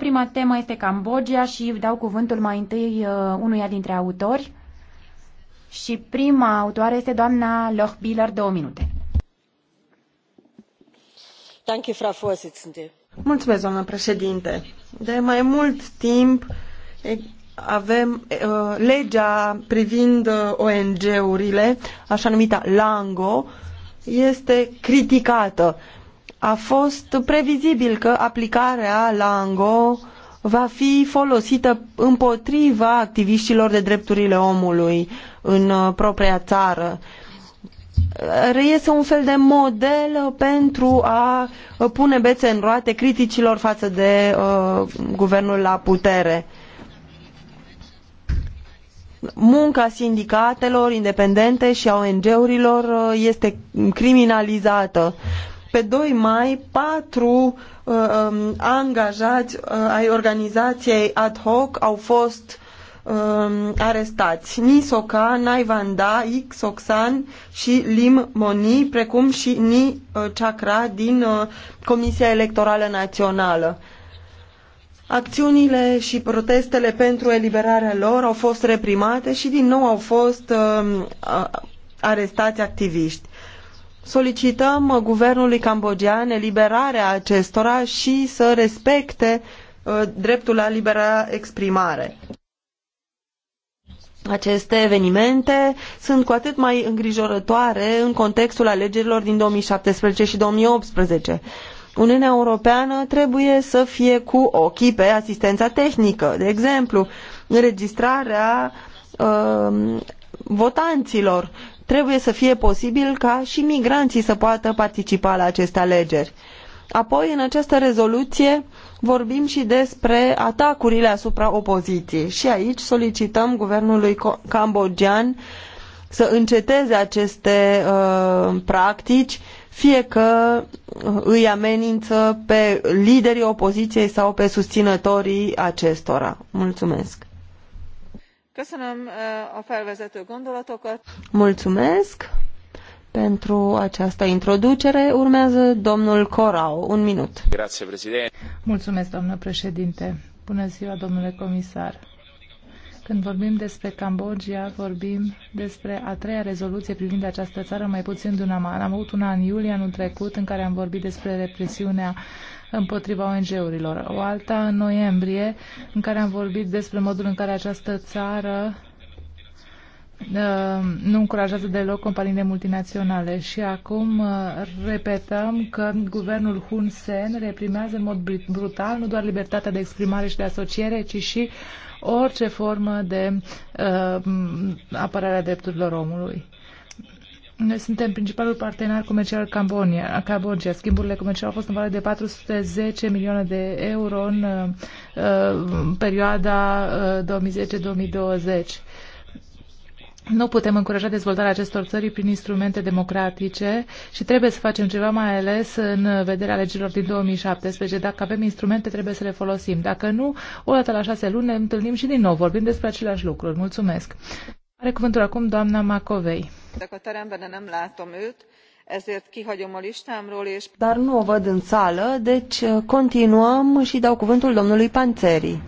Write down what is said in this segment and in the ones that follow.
Prima temă este Cambodgia și dau cuvântul mai întâi uh, unuia dintre autori. Și prima autoare este doamna Biller, două minute. Mulțumesc, doamnă președinte. De mai mult timp avem uh, legea privind uh, ONG-urile, așa numită LANGO, este criticată a fost previzibil că aplicarea la Ango va fi folosită împotriva activiștilor de drepturile omului în uh, propria țară. Reiese un fel de model pentru a pune bețe în roate criticilor față de uh, guvernul la putere. Munca sindicatelor independente și a ONG-urilor uh, este criminalizată pe 2 mai, patru uh, um, angajați uh, ai organizației ad hoc au fost uh, arestați. Nisoka, Naivanda, Xoxan și Lim Moni, precum și Ni uh, Chakra din uh, Comisia Electorală Națională. Acțiunile și protestele pentru eliberarea lor au fost reprimate și din nou au fost uh, arestați activiști solicităm uh, guvernului cambodgian eliberarea acestora și să respecte uh, dreptul la libera exprimare. Aceste evenimente sunt cu atât mai îngrijorătoare în contextul alegerilor din 2017 și 2018. Uniunea Europeană trebuie să fie cu ochii pe asistența tehnică, de exemplu, înregistrarea uh, votanților trebuie să fie posibil ca și migranții să poată participa la aceste alegeri. Apoi, în această rezoluție, vorbim și despre atacurile asupra opoziției și aici solicităm guvernului cambogian să înceteze aceste uh, practici, fie că uh, îi amenință pe liderii opoziției sau pe susținătorii acestora. Mulțumesc! Eh, Mulțumesc pentru această introducere. Urmează domnul Corau. Un minut. Grazie, Mulțumesc, domnule președinte. Bună ziua, domnule comisar. Când vorbim despre Cambodgia, vorbim despre a treia rezoluție privind această țară, mai puțin de un an. Am avut una în iulie anul trecut în care am vorbit despre represiunea împotriva ONG-urilor. O alta în noiembrie în care am vorbit despre modul în care această țară nu încurajează deloc companiile multinaționale și acum uh, repetăm că guvernul Hun Sen reprimează în mod brutal nu doar libertatea de exprimare și de asociere, ci și orice formă de uh, apărare a drepturilor omului. Noi suntem principalul partener comercial Cambodia. Cambodgia. Schimburile comerciale au fost în valoare de 410 milioane de euro în uh, uh perioada uh, 2010-2020 nu putem încuraja dezvoltarea acestor țări prin instrumente democratice și trebuie să facem ceva, mai ales în vederea legilor din 2017. Dacă avem instrumente, trebuie să le folosim. Dacă nu, o dată la șase luni ne întâlnim și din nou vorbim despre aceleași lucruri. Mulțumesc. Are cuvântul acum doamna Macovei. Dacă teremben nem látom őt, ezért kihagyom a listámról és... Dar nu o văd în sală, deci continuăm și dau cuvântul domnului Panțeri.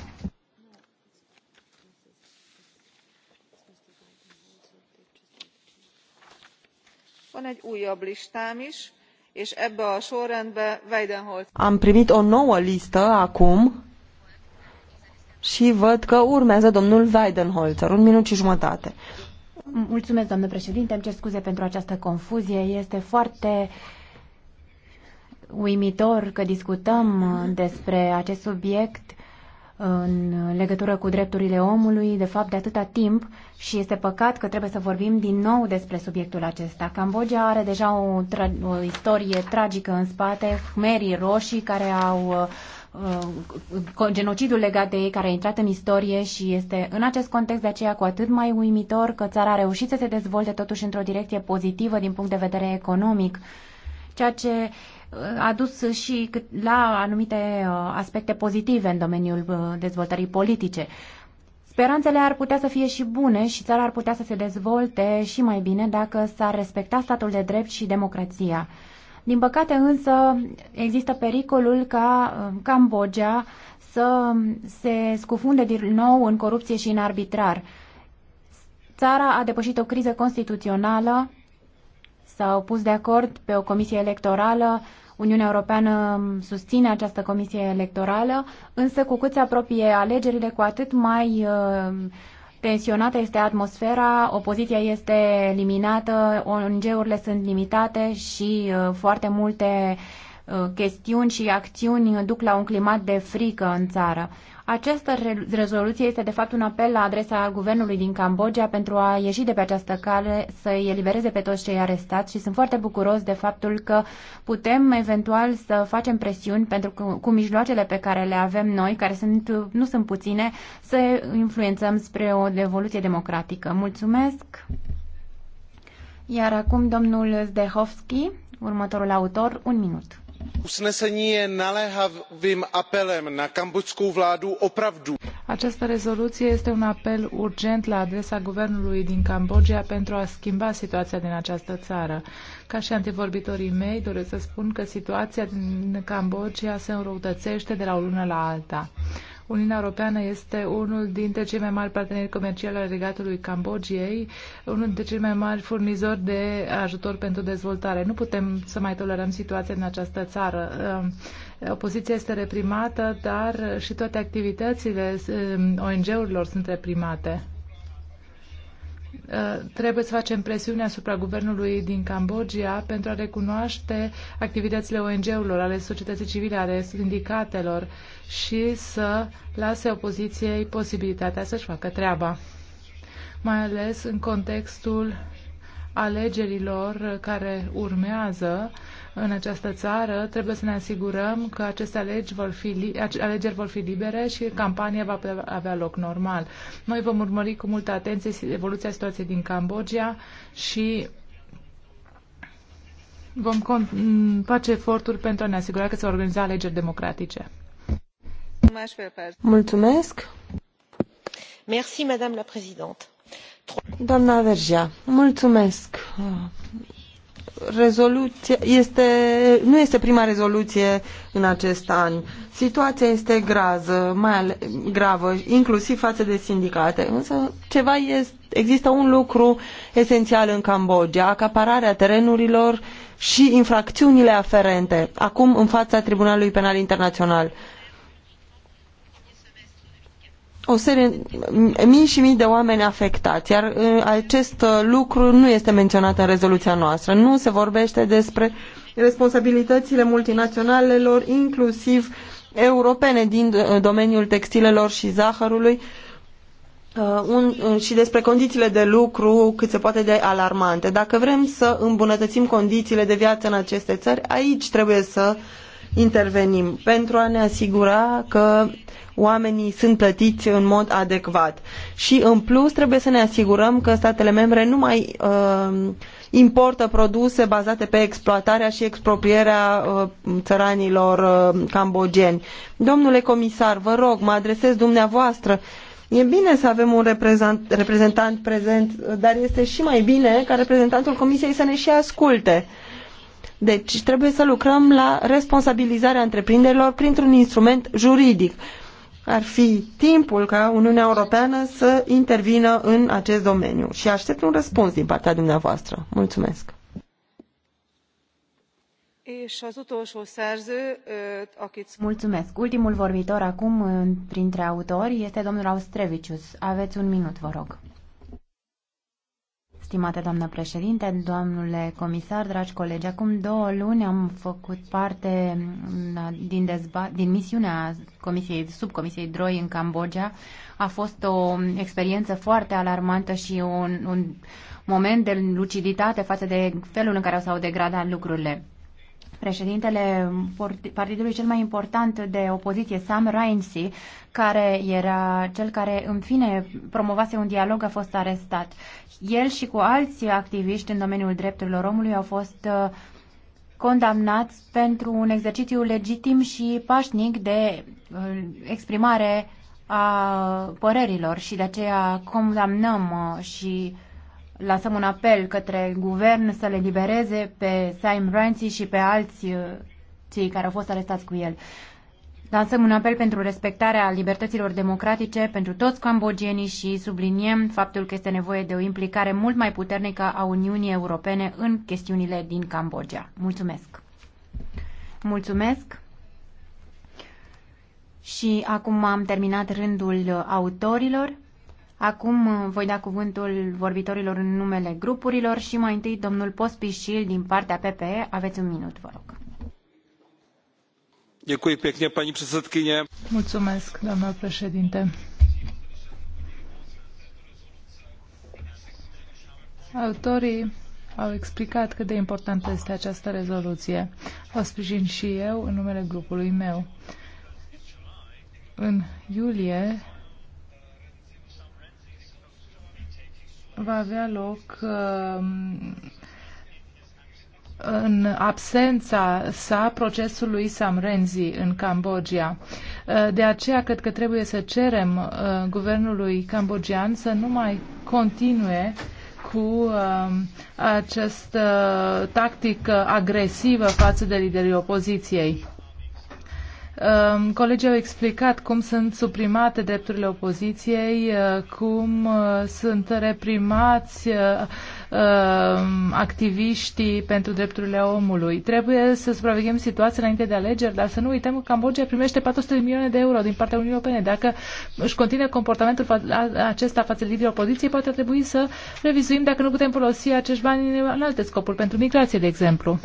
van egy újabb listám is, és ebbe a sorrendbe Weidenholz. Am primit o nouă listă acum și văd că urmează domnul Weidenholzer, un minut și jumătate. Mulțumesc, doamnă președinte, îmi cer scuze pentru această confuzie. Este foarte uimitor că discutăm despre acest subiect în legătură cu drepturile omului, de fapt, de atâta timp și este păcat că trebuie să vorbim din nou despre subiectul acesta. Cambodgia are deja o, tra- o istorie tragică în spate, Khmerii roșii care au uh, uh genocidul legat de ei care a intrat în istorie și este în acest context de aceea cu atât mai uimitor că țara a reușit să se dezvolte totuși într-o direcție pozitivă din punct de vedere economic ceea ce uh, a dus și la anumite uh, aspecte pozitive în domeniul uh, dezvoltării politice. Speranțele ar putea să fie și bune și țara ar putea să se dezvolte și mai bine dacă s-ar respecta statul de drept și democrația. Din păcate însă există pericolul ca Cambodgia să se scufunde din nou în corupție și în arbitrar. Țara a depășit o criză constituțională s-au pus de acord pe o comisie electorală. Uniunea Europeană susține această comisie electorală, însă cu cât se apropie alegerile, cu atât mai uh, tensionată este atmosfera, opoziția este eliminată, ONG-urile sunt limitate și uh, foarte multe Uh, chestiuni și acțiuni duc la un climat de frică în țară. Această rezoluție este de fapt un apel la adresa guvernului din Cambodgia pentru a ieși de pe această cale, să îi elibereze pe toți cei arestați și sunt foarte bucuros de faptul că putem eventual să facem presiuni pentru că cu mijloacele pe care le avem noi, care sunt, nu sunt puține, să influențăm spre o evoluție democratică. Mulțumesc! Iar acum domnul Zdehovski, următorul autor, un minut usnesení je naléhavým apelem na kambodžskou vládu opravdu. Această rezoluție este un apel urgent la adresa guvernului din Cambodgia pentru a schimba situația din această țară. Ca și antevorbitorii mei, doresc să spun că situația din Cambodgia se înrăutățește de la o lună la alta. Uniunea Europeană este unul dintre cei mai mari parteneri comerciali al regatului Cambodgiei, unul dintre cei mai mari furnizori de ajutor pentru dezvoltare. Nu putem să mai tolerăm situația în această țară. Um, opoziția este reprimată, dar și toate activitățile um, ONG-urilor sunt reprimate. Uh, trebuie să facem presiune asupra guvernului din Cambodgia pentru a recunoaște activitățile ONG-urilor, ale societății civile, ale sindicatelor și să lase opoziției posibilitatea să-și facă treaba, mai ales în contextul alegerilor care urmează în această țară, trebuie să ne asigurăm că aceste alegi vor fi, alegeri vor fi libere și campania va avea loc normal. Noi vom urmări cu multă atenție evoluția situației din Cambodgia și vom face eforturi pentru a ne asigura că se vor organiza alegeri democratice. Mulțumesc. Merci, Madame la Présidente. Doamna Vergea, mulțumesc rezoluție este, nu este prima rezoluție în acest an. Situația este grază, mai ale, gravă, inclusiv față de sindicate. Însă ceva este, există un lucru esențial în Cambodgia, acapararea terenurilor și infracțiunile aferente, acum în fața Tribunalului Penal Internațional o serie, mii și mii de oameni afectați, iar uh, acest uh, lucru nu este menționat în rezoluția noastră. Nu se vorbește despre responsabilitățile multinaționalelor, inclusiv europene din uh, domeniul textilelor și zahărului un, și despre condițiile de lucru cât se poate de alarmante. Dacă vrem să îmbunătățim condițiile de viață în aceste țări, aici trebuie să uh, intervenim pentru a ne asigura că oamenii sunt plătiți în mod adecvat. Și în plus trebuie să ne asigurăm că statele membre nu mai uh, importă produse bazate pe exploatarea și exproprierea uh, țăranilor uh, cambogeni. Domnule comisar, vă rog, mă adresez dumneavoastră. E bine să avem un reprezentant, reprezentant prezent, dar este și mai bine ca reprezentantul Comisiei să ne și asculte. Uh, deci trebuie să lucrăm la responsabilizarea întreprinderilor printr-un instrument juridic. Ar fi timpul ca Uniunea Europeană să intervină în acest domeniu și aștept un răspuns din partea dumneavoastră. Mulțumesc! Mulțumesc. Ultimul vorbitor acum printre autori este domnul Austrevicius. Aveți un minut, vă rog stimate doamnă președinte, domnule comisar, dragi colegi, acum două luni am făcut parte mm, din, dezba- din misiunea comisiei, subcomisiei DROI în Cambodgia. A fost o experiență foarte alarmantă și un, un moment de luciditate față de felul în care s-au degradat lucrurile președintele partidului cel mai important de opoziție, Sam Rainsy, care era cel care în fine promovase un dialog, a fost arestat. El și cu alți activiști în domeniul drepturilor omului au fost uh, condamnați pentru un exercițiu legitim și pașnic de uh, exprimare a părerilor și de aceea condamnăm uh, și lansăm un apel către guvern să le libereze pe Sam Rancy și pe alți uh, cei care au fost arestați cu el. Lansăm un apel pentru respectarea libertăților democratice pentru toți cambogienii și subliniem faptul că este nevoie de o implicare mult mai puternică a Uniunii Europene în chestiunile din Cambodgia. Mulțumesc! Mulțumesc! Și acum am terminat rândul autorilor. Acum uh, voi da cuvântul vorbitorilor în numele grupurilor și mai întâi domnul Pospișil din partea PPE. Aveți un minut, vă rog. Mulțumesc, doamna președinte. Autorii au explicat cât de importantă este această rezoluție. O sprijin și eu în numele grupului meu. În iulie va avea loc um, în absența sa procesului Sam Renzi în Cambodgia. Uh, de aceea cred că trebuie să cerem uh, guvernului cambogian să nu mai continue cu um, această uh, tactică agresivă față de liderii opoziției. Um, colegii au explicat cum sunt suprimate drepturile opoziției, uh, cum uh, sunt reprimați uh, Uh, activiștii pentru drepturile omului. Trebuie să supraveghem situația înainte de alegeri, dar să nu uităm că Cambodgia primește 400 de milioane de euro din partea Uniunii Europene. Dacă își continuă comportamentul acesta față de liderii opoziției, poate trebui să revizuim dacă nu putem folosi acești bani în alte scopuri, pentru migrație, de exemplu.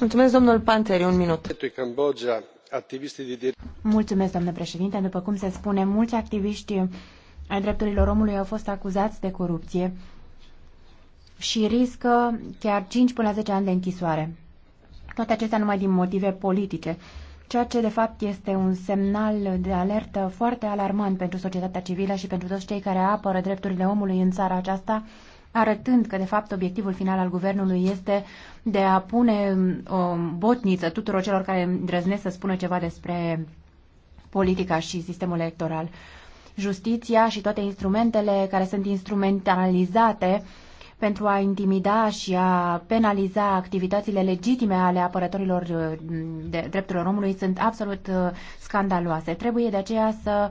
Mulțumesc, domnul Panteri, un minut. Mulțumesc, domnule președinte. După cum se spune, mulți activiști ai drepturilor omului au fost acuzați de corupție și riscă chiar 5 până la 10 ani de închisoare. Toate acestea numai din motive politice, ceea ce de fapt este un semnal de alertă foarte alarmant pentru societatea civilă și pentru toți cei care apără drepturile omului în țara aceasta, arătând că de fapt obiectivul final al guvernului este de a pune um, o botniță tuturor celor care îndrăznesc să spună ceva despre politica și sistemul electoral justiția și toate instrumentele care sunt instrumentalizate pentru a intimida și a penaliza activitățile legitime ale apărătorilor uh, de drepturilor omului sunt absolut uh, scandaloase. Trebuie de aceea să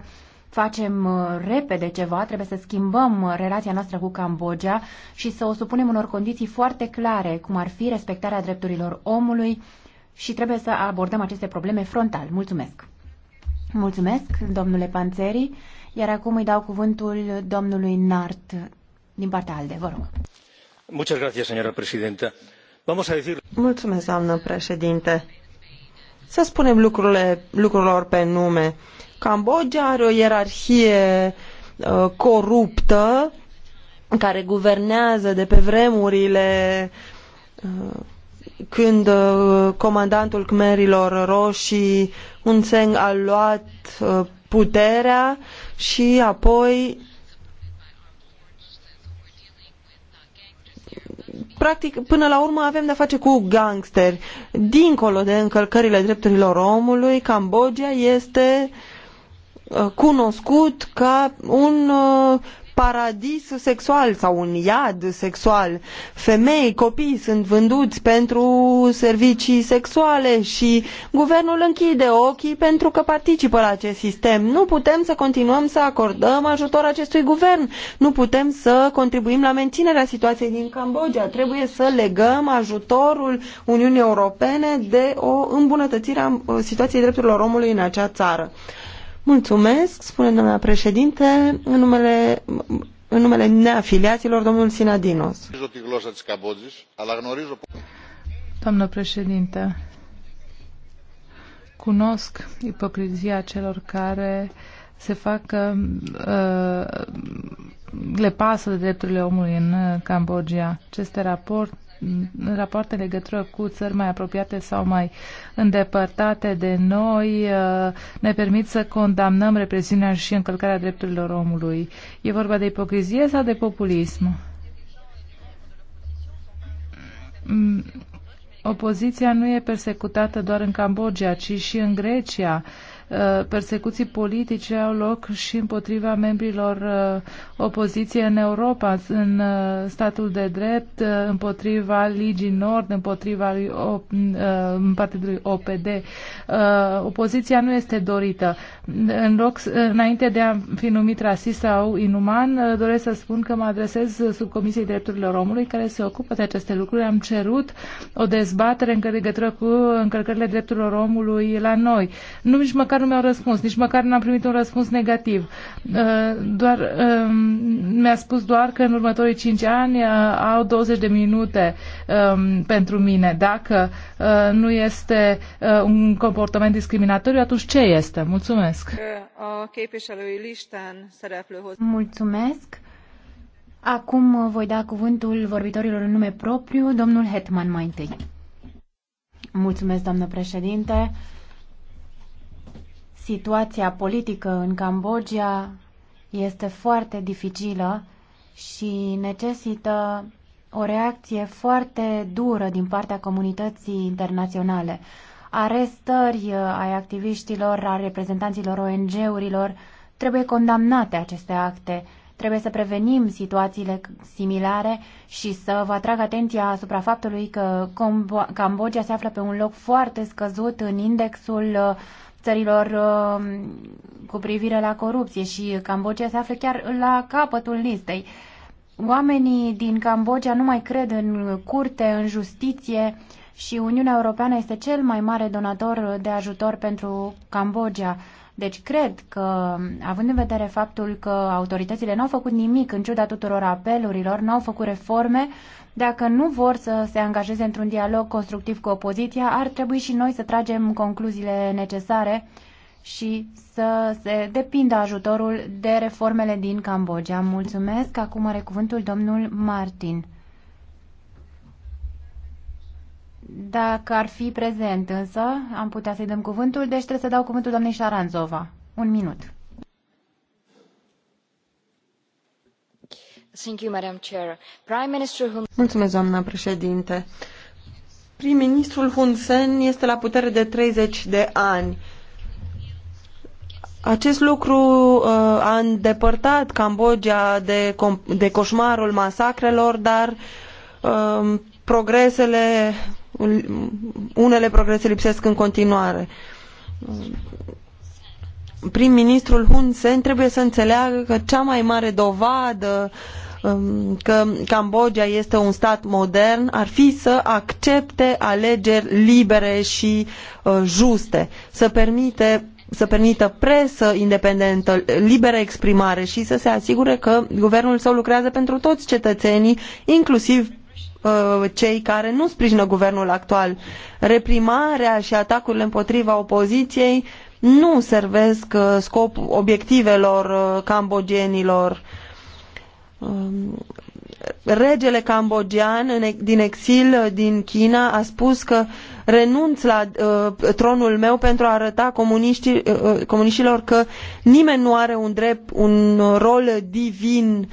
facem uh, repede ceva, trebuie să schimbăm relația noastră cu Cambodgia și să o supunem unor condiții foarte clare, cum ar fi respectarea drepturilor omului și trebuie să abordăm aceste probleme frontal. Mulțumesc! Mulțumesc, domnule Panțeri. Iar acum îi dau cuvântul domnului Nart din partea ALDE. Vă rog. Mulțumesc, doamnă președinte. Să spunem lucrurile, lucrurilor pe nume. Cambodgia are o ierarhie uh, coruptă care guvernează de pe vremurile uh, când uh, comandantul Khmerilor Roșii, un seng, a luat uh, puterea și apoi practic, până la urmă avem de-a face cu gangsteri. Dincolo de încălcările drepturilor omului, Cambodgia este uh, cunoscut ca un uh, paradis sexual sau un iad sexual. Femei, copii sunt vânduți pentru servicii sexuale și guvernul închide ochii pentru că participă la acest sistem. Nu putem să continuăm să acordăm ajutor acestui guvern. Nu putem să contribuim la menținerea situației din Cambodgia. Trebuie să legăm ajutorul Uniunii Europene de o îmbunătățire a situației drepturilor omului în acea țară. Mulțumesc, spune doamna președinte, în numele, în numele neafiliaților, domnul Sinadinos. Doamnă președinte, cunosc ipocrizia celor care se fac uh, le pasă de drepturile omului în Cambodgia. Aceste raport, rapoarte legătură cu țări mai apropiate sau mai îndepărtate de noi uh, ne permit să condamnăm represiunea și încălcarea drepturilor omului. E vorba de ipocrizie sau de populism? Mm, opoziția nu e persecutată doar în Cambodgia, ci și în Grecia Uh, persecuții politice au loc și împotriva membrilor uh, opoziției în Europa, în uh, statul de drept, împotriva Ligii Nord, împotriva lui o, partidului OPD. Opoziția nu este dorită. În loc, înainte de a fi numit rasist sau inuman, doresc să spun că mă adresez subcomisiei drepturilor omului care se ocupă de aceste lucruri. Am cerut o dezbatere în legătură cu încălcările drepturilor omului la noi. Nu nici măcar dar nu mi-au răspuns, nici măcar n-am primit un răspuns negativ. Uh, doar, um, mi-a spus doar că în următorii 5 ani uh, au 20 de minute um, pentru mine. Dacă uh, nu este un comportament discriminatoriu, atunci ce este? Mulțumesc! Mulțumesc! Acum voi da cuvântul vorbitorilor în nume propriu, domnul Hetman mai întâi. Mulțumesc, doamnă președinte. Situația politică în Cambodgia este foarte dificilă și necesită o reacție foarte dură din partea comunității internaționale. Arestări ai activiștilor, a reprezentanților ONG-urilor, trebuie condamnate aceste acte. Trebuie să prevenim situațiile similare și să vă atrag atenția asupra faptului că Cambodgia se află pe un loc foarte scăzut în indexul țărilor um, cu privire la corupție și Cambodgia se află chiar la capătul listei. Oamenii din Cambodgia nu mai cred în curte, în justiție și Uniunea Europeană este cel mai mare donator de ajutor pentru Cambodgia. Deci cred că, având în vedere faptul că autoritățile n-au făcut nimic în ciuda tuturor apelurilor, n-au făcut reforme, dacă nu vor să se angajeze într-un dialog constructiv cu opoziția, ar trebui și noi să tragem concluziile necesare și să se depindă ajutorul de reformele din Cambodgia. Mulțumesc. Acum are cuvântul domnul Martin. Dacă ar fi prezent însă, am putea să-i dăm cuvântul, deci trebuie să dau cuvântul doamnei Șaranzova. Un minut. Mulțumesc, doamna președinte. Prim-ministrul Hun Sen este la putere de 30 de ani. Acest lucru uh, a îndepărtat Cambodgia de, de coșmarul masacrelor, dar uh, progresele unele progrese lipsesc în continuare. Prim-ministrul Hun Sen trebuie să înțeleagă că cea mai mare dovadă um, că Cambodgia este un stat modern ar fi să accepte alegeri libere și uh, juste, să permite să permită presă independentă, liberă exprimare și să se asigure că guvernul său lucrează pentru toți cetățenii, inclusiv Uh, cei care nu sprijină guvernul actual. Reprimarea și atacurile împotriva opoziției nu servesc uh, scopul obiectivelor uh, cambogenilor. Um, regele cambogian din exil din China a spus că renunț la tronul meu pentru a arăta comuniștilor că nimeni nu are un drept, un rol divin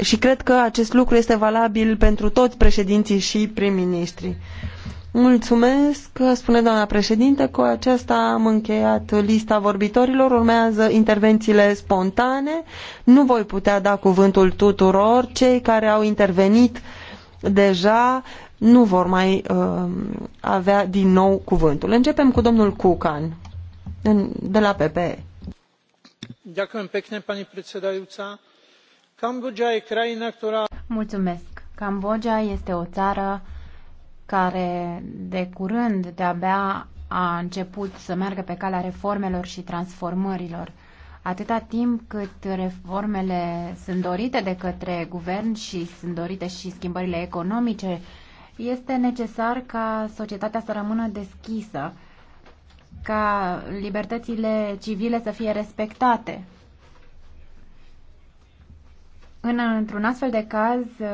și cred că acest lucru este valabil pentru toți președinții și prim-ministrii. Mulțumesc, spune doamna președinte, cu aceasta am încheiat lista vorbitorilor, urmează intervențiile spontane. Nu voi putea da cuvântul tuturor, cei care au intervenit deja nu vor mai uh, avea din nou cuvântul. Începem cu domnul Cucan, de la PPE. Ďakujem pekne, pani predsedajúca Cambodgia e Mulțumesc. Cambodgia este o țară care de curând de-abia a început să meargă pe calea reformelor și transformărilor. Atâta timp cât reformele sunt dorite de către guvern și sunt dorite și schimbările economice, este necesar ca societatea să rămână deschisă, ca libertățile civile să fie respectate. În, într-un astfel de caz, uh,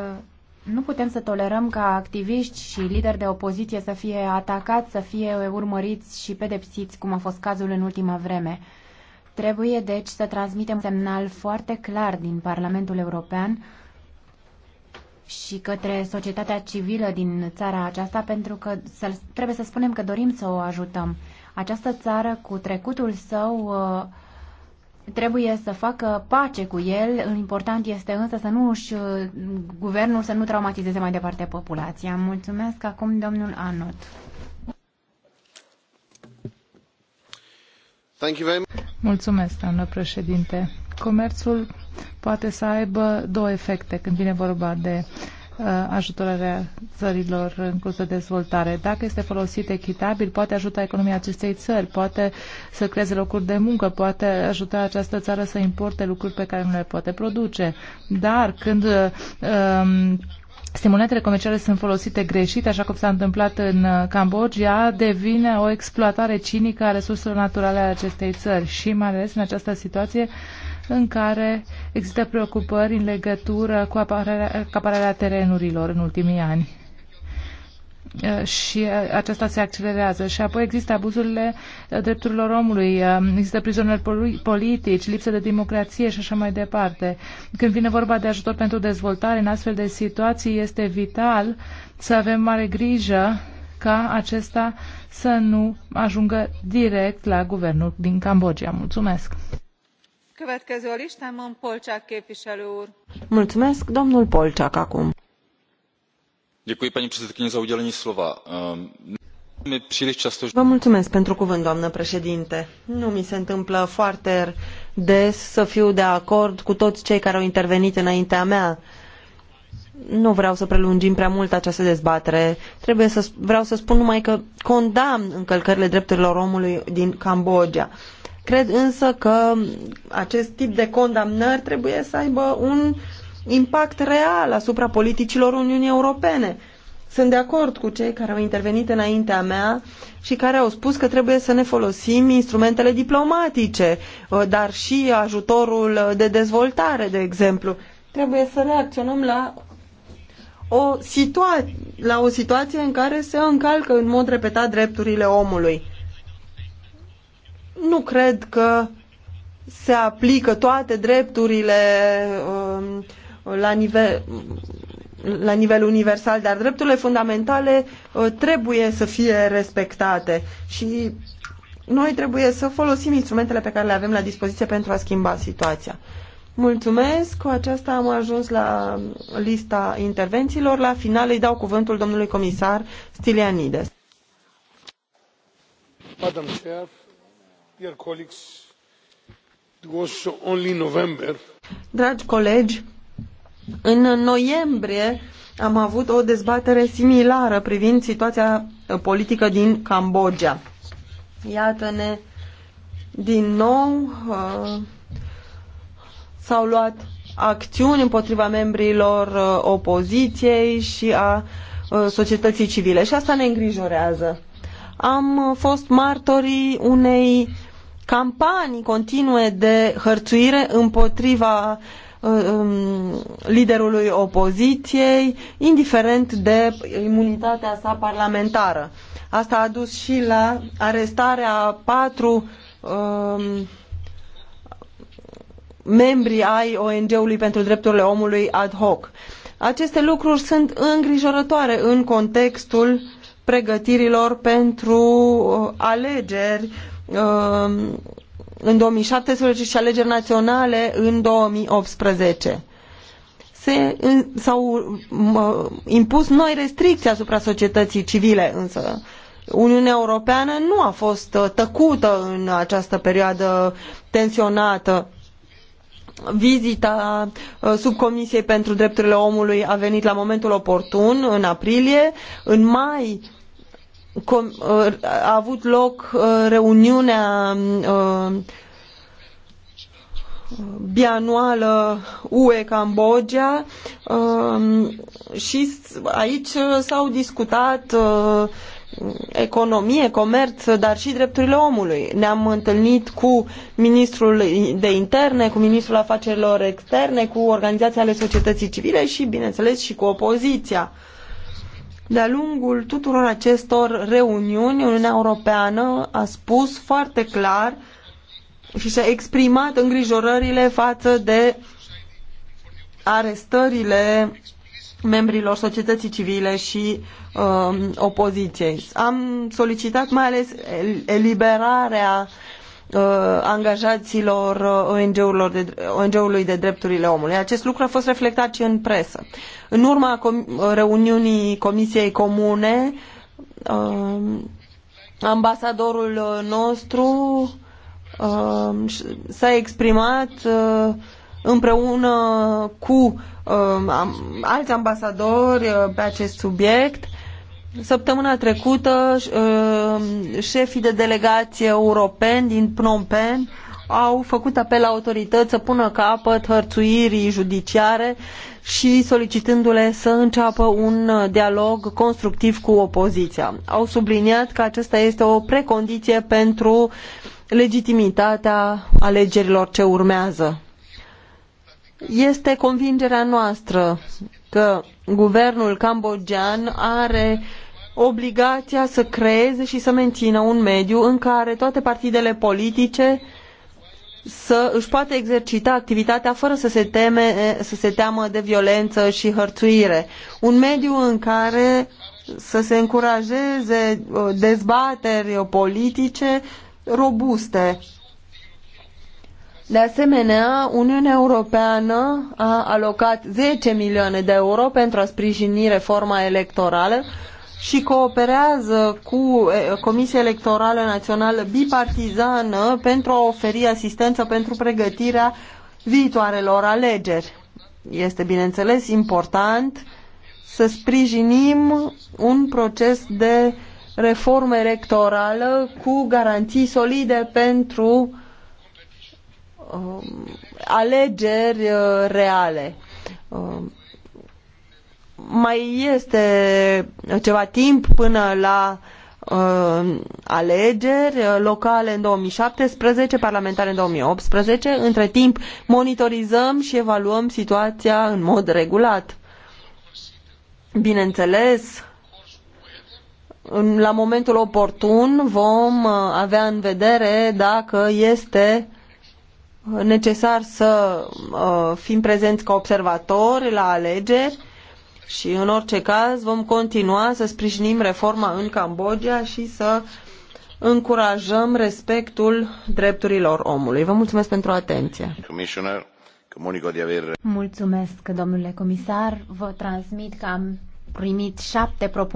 nu putem să tolerăm ca activiști și lideri de opoziție să fie atacați, să fie urmăriți și pedepsiți, cum a fost cazul în ultima vreme. Trebuie, deci, să transmitem un semnal foarte clar din Parlamentul European și către societatea civilă din țara aceasta, pentru că să, trebuie să spunem că dorim să o ajutăm. Această țară, cu trecutul său, uh, trebuie să facă pace cu el. Important este însă să nu își, uh, guvernul să nu traumatizeze mai departe populația. Mulțumesc acum domnul Anot. Mulțumesc, doamnă președinte. Comerțul poate să aibă două efecte când vine vorba de Uh, ajutorarea țărilor în curs de dezvoltare. Dacă este folosit echitabil, poate ajuta economia acestei țări, poate să creeze locuri de muncă, poate ajuta această țară să importe lucruri pe care nu le poate produce. Dar când um, stimulantele comerciale sunt folosite greșit, așa cum s-a întâmplat în uh, Cambodgia, devine o exploatare cinică a resurselor naturale ale acestei țări și mai ales în această situație în care Există preocupări în legătură cu acapararea terenurilor în ultimii ani uh, și uh, acesta se accelerează. Și apoi există abuzurile uh, drepturilor omului, există prizonieri politici, lipsă de democrație și așa mai departe. Când vine vorba de ajutor pentru dezvoltare, în astfel de situații este vital să avem mare grijă ca acesta să nu ajungă direct la guvernul din Cambodgia. Mulțumesc! Mulțumesc, domnul acum. Ehm, Vă mulțumesc pentru cuvânt, doamnă președinte. Nu mi se întâmplă foarte des să fiu de acord cu toți cei care au intervenit înaintea mea. Nu vreau să prelungim prea mult această dezbatere. vreau să spun numai că condamn încălcările drepturilor omului din Cambodgia. Cred însă că acest tip de condamnări trebuie să aibă un impact real asupra politicilor Uniunii Europene. Sunt de acord cu cei care au intervenit înaintea mea și care au spus că trebuie să ne folosim instrumentele diplomatice, uh, dar și ajutorul de dezvoltare, de exemplu. Trebuie să reacționăm la o, situa- la o situație în care se încalcă în mod repetat drepturile omului nu cred că se aplică toate drepturile um, la nivel la nivel universal, dar drepturile fundamentale uh, trebuie să fie respectate și noi trebuie să folosim instrumentele pe care le avem la dispoziție pentru a schimba situația. Mulțumesc, cu aceasta am ajuns la lista intervențiilor. La final îi dau cuvântul domnului comisar Stilianides. Madam Chair, Dragi colegi, în noiembrie am avut o dezbatere similară privind situația uh, politică din Cambodgia. Iată-ne din nou uh, s-au luat acțiuni împotriva membrilor uh, opoziției și a uh, societății civile și asta ne îngrijorează. Am fost martorii unei campanii continue de hărțuire împotriva uh, um, liderului opoziției, indiferent de imunitatea sa parlamentară. Asta a dus și la arestarea patru um, membri ai ONG-ului pentru drepturile omului ad hoc. Aceste lucruri sunt îngrijorătoare în contextul pregătirilor pentru uh, alegeri Um, în 2017 și alegeri naționale în 2018. S-au impus noi restricții asupra societății civile, însă Uniunea Europeană nu a fost uh, tăcută în această perioadă tensionată. Vizita uh, subcomisiei pentru drepturile omului a venit la momentul oportun, în aprilie. În mai Uh, a avut loc uh, reuniunea uh, bianuală UE Cambodgia um, și aici s-au discutat economie, comerț, dar și drepturile omului. Ne-am întâlnit cu ministrul de interne, cu ministrul afacerilor externe, cu organizații ale societății civile și, bineînțeles, și cu opoziția. Uh, de-a lungul tuturor acestor reuniuni, Uniunea Europeană a spus foarte clar și și-a exprimat îngrijorările față de arestările membrilor societății civile și uh, opoziției. Am solicitat mai ales eliberarea Uh, angajaților uh, ONG-urilor de, ONG-ului de drepturile omului. Acest lucru a fost reflectat și în presă. În urma com- reuniunii Comisiei Comune, uh, ambasadorul nostru s-a exprimat împreună cu alți ambasadori pe acest subiect Săptămâna trecută, uh, șefii de delegație europeni din Phnom Penh au făcut apel la autorități să pună capăt hărțuirii judiciare și solicitându-le să înceapă un dialog constructiv cu opoziția. Au subliniat că acesta este o precondiție pentru legitimitatea alegerilor ce urmează. Este convingerea noastră că guvernul cambodgian are uh, obligația să creeze și să mențină un mediu în care toate partidele politice să își poată exercita activitatea fără să se, teme, să se teamă de violență și hărțuire. Un mediu în care să se încurajeze uh, dezbateri politice robuste. De asemenea, Uniunea Europeană a alocat 10 milioane de euro pentru a sprijini reforma electorală și cooperează cu eh, Comisia Electorală Națională Bipartizană pentru a oferi asistență pentru pregătirea viitoarelor alegeri. Este, bineînțeles, important să sprijinim un proces de reformă electorală cu garanții solide pentru um, alegeri uh, reale. Um, mai este ceva timp până la uh, alegeri uh, locale în 2017, parlamentare în 2018. Între timp, monitorizăm și evaluăm situația în mod regulat. Bineînțeles, la momentul oportun vom uh, avea în vedere dacă este necesar să uh, fim prezenți ca observatori la alegeri și în orice caz vom continua să sprijinim reforma în Cambodgia și să încurajăm respectul drepturilor omului. Vă mulțumesc pentru atenție. Mulțumesc, domnule comisar. Vă transmit că am primit șapte propuneri.